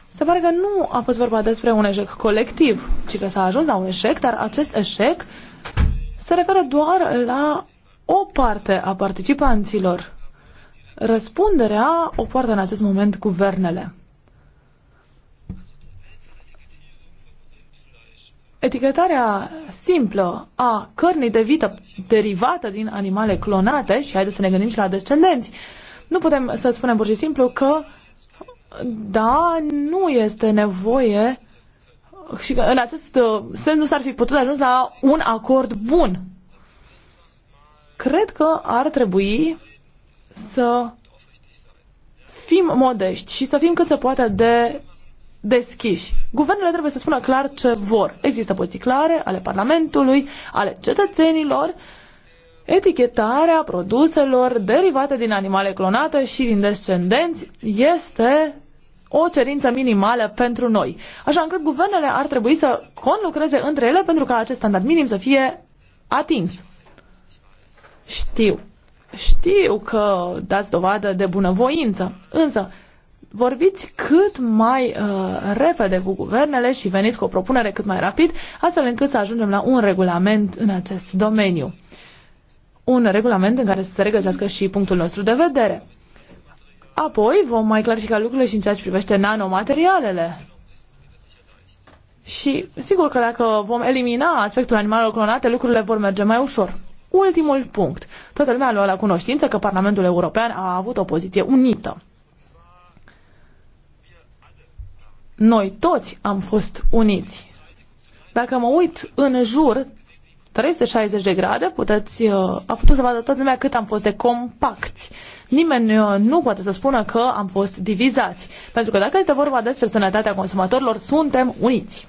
Se pare că nu a fost vorba despre un eșec colectiv, ci că s-a ajuns la un eșec, dar acest eșec se referă doar la o parte a participanților. Răspunderea o poartă în acest moment guvernele. etichetarea simplă a cărnii de vită derivată din animale clonate, și haideți să ne gândim și la descendenți, nu putem să spunem pur și simplu că da, nu este nevoie și că în acest uh, sens nu s-ar fi putut ajuns la un acord bun. Cred că ar trebui să fim modești și să fim cât se poate de deschiși. Guvernele trebuie să spună clar ce vor. Există poziții clare ale Parlamentului, ale cetățenilor, etichetarea produselor derivate din animale clonate și din descendenți este o cerință minimală pentru noi. Așa încât guvernele ar trebui să conlucreze între ele pentru ca acest standard minim să fie atins. Știu. Știu că dați dovadă de bunăvoință, însă vorbiți cât mai uh, repede cu guvernele și veniți cu o propunere cât mai rapid, astfel încât să ajungem la un regulament în acest domeniu. Un regulament în care să se regăsească și punctul nostru de vedere. Apoi vom mai clarifica lucrurile și în ceea ce privește nanomaterialele. Și sigur că dacă vom elimina aspectul animalelor clonate, lucrurile vor merge mai ușor. Ultimul punct. Toată lumea a luat la cunoștință că Parlamentul European a avut o poziție unită. noi toți am fost uniți. Dacă mă uit în jur, 360 de grade, puteți, uh, a putut să vadă toată lumea cât am fost de compacti. Nimeni uh, nu poate să spună că am fost divizați, pentru că dacă este vorba despre sănătatea consumatorilor, suntem uniți.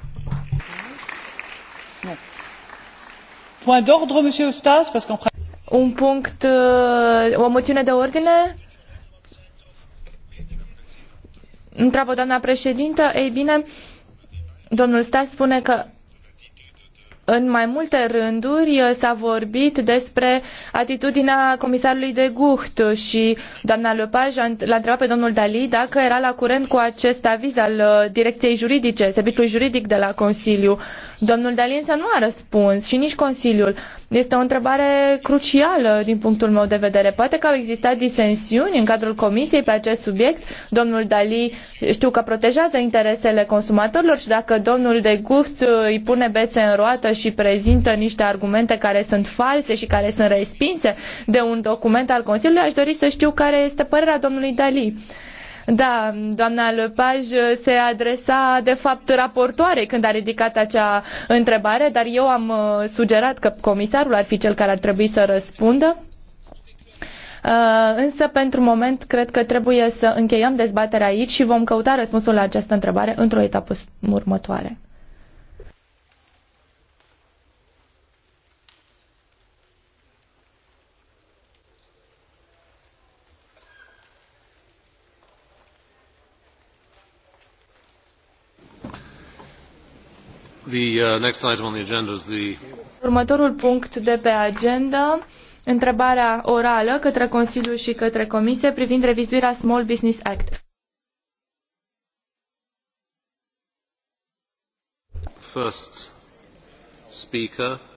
Point d'ordre, monsieur Stas, parce qu'en un punct, uh, o moțiune de ordine? Întreabă doamna președintă, ei bine, domnul Stas spune că în mai multe rânduri s-a vorbit despre atitudinea comisarului de Gucht și doamna Lepaj l-a întrebat pe domnul Dali dacă era la curent cu acest aviz al uh, direcției juridice, serviciului juridic de la Consiliu. Domnul Dali însă nu a răspuns și nici Consiliul. Este o întrebare crucială din punctul meu de vedere. Poate că au existat disensiuni în cadrul comisiei pe acest subiect. Domnul Dali știu că protejează interesele consumatorilor și dacă domnul de Gucht uh, îi pune bețe în roată și prezintă niște argumente care sunt false și care sunt respinse de un document al Consiliului, aș dori să știu care este părerea domnului Dali. Da, doamna Lepaj se adresa de fapt raportoarei când a ridicat acea întrebare, dar eu am uh, sugerat că comisarul ar fi cel care ar trebui să răspundă. Uh, însă, pentru moment, cred că trebuie să încheiem dezbaterea aici și vom căuta răspunsul la această întrebare într-o etapă următoare. The, uh, next item on the agenda is the... Următorul punct de pe agenda, întrebarea orală către Consiliu și către Comisie privind revizuirea Small Business Act. First speaker.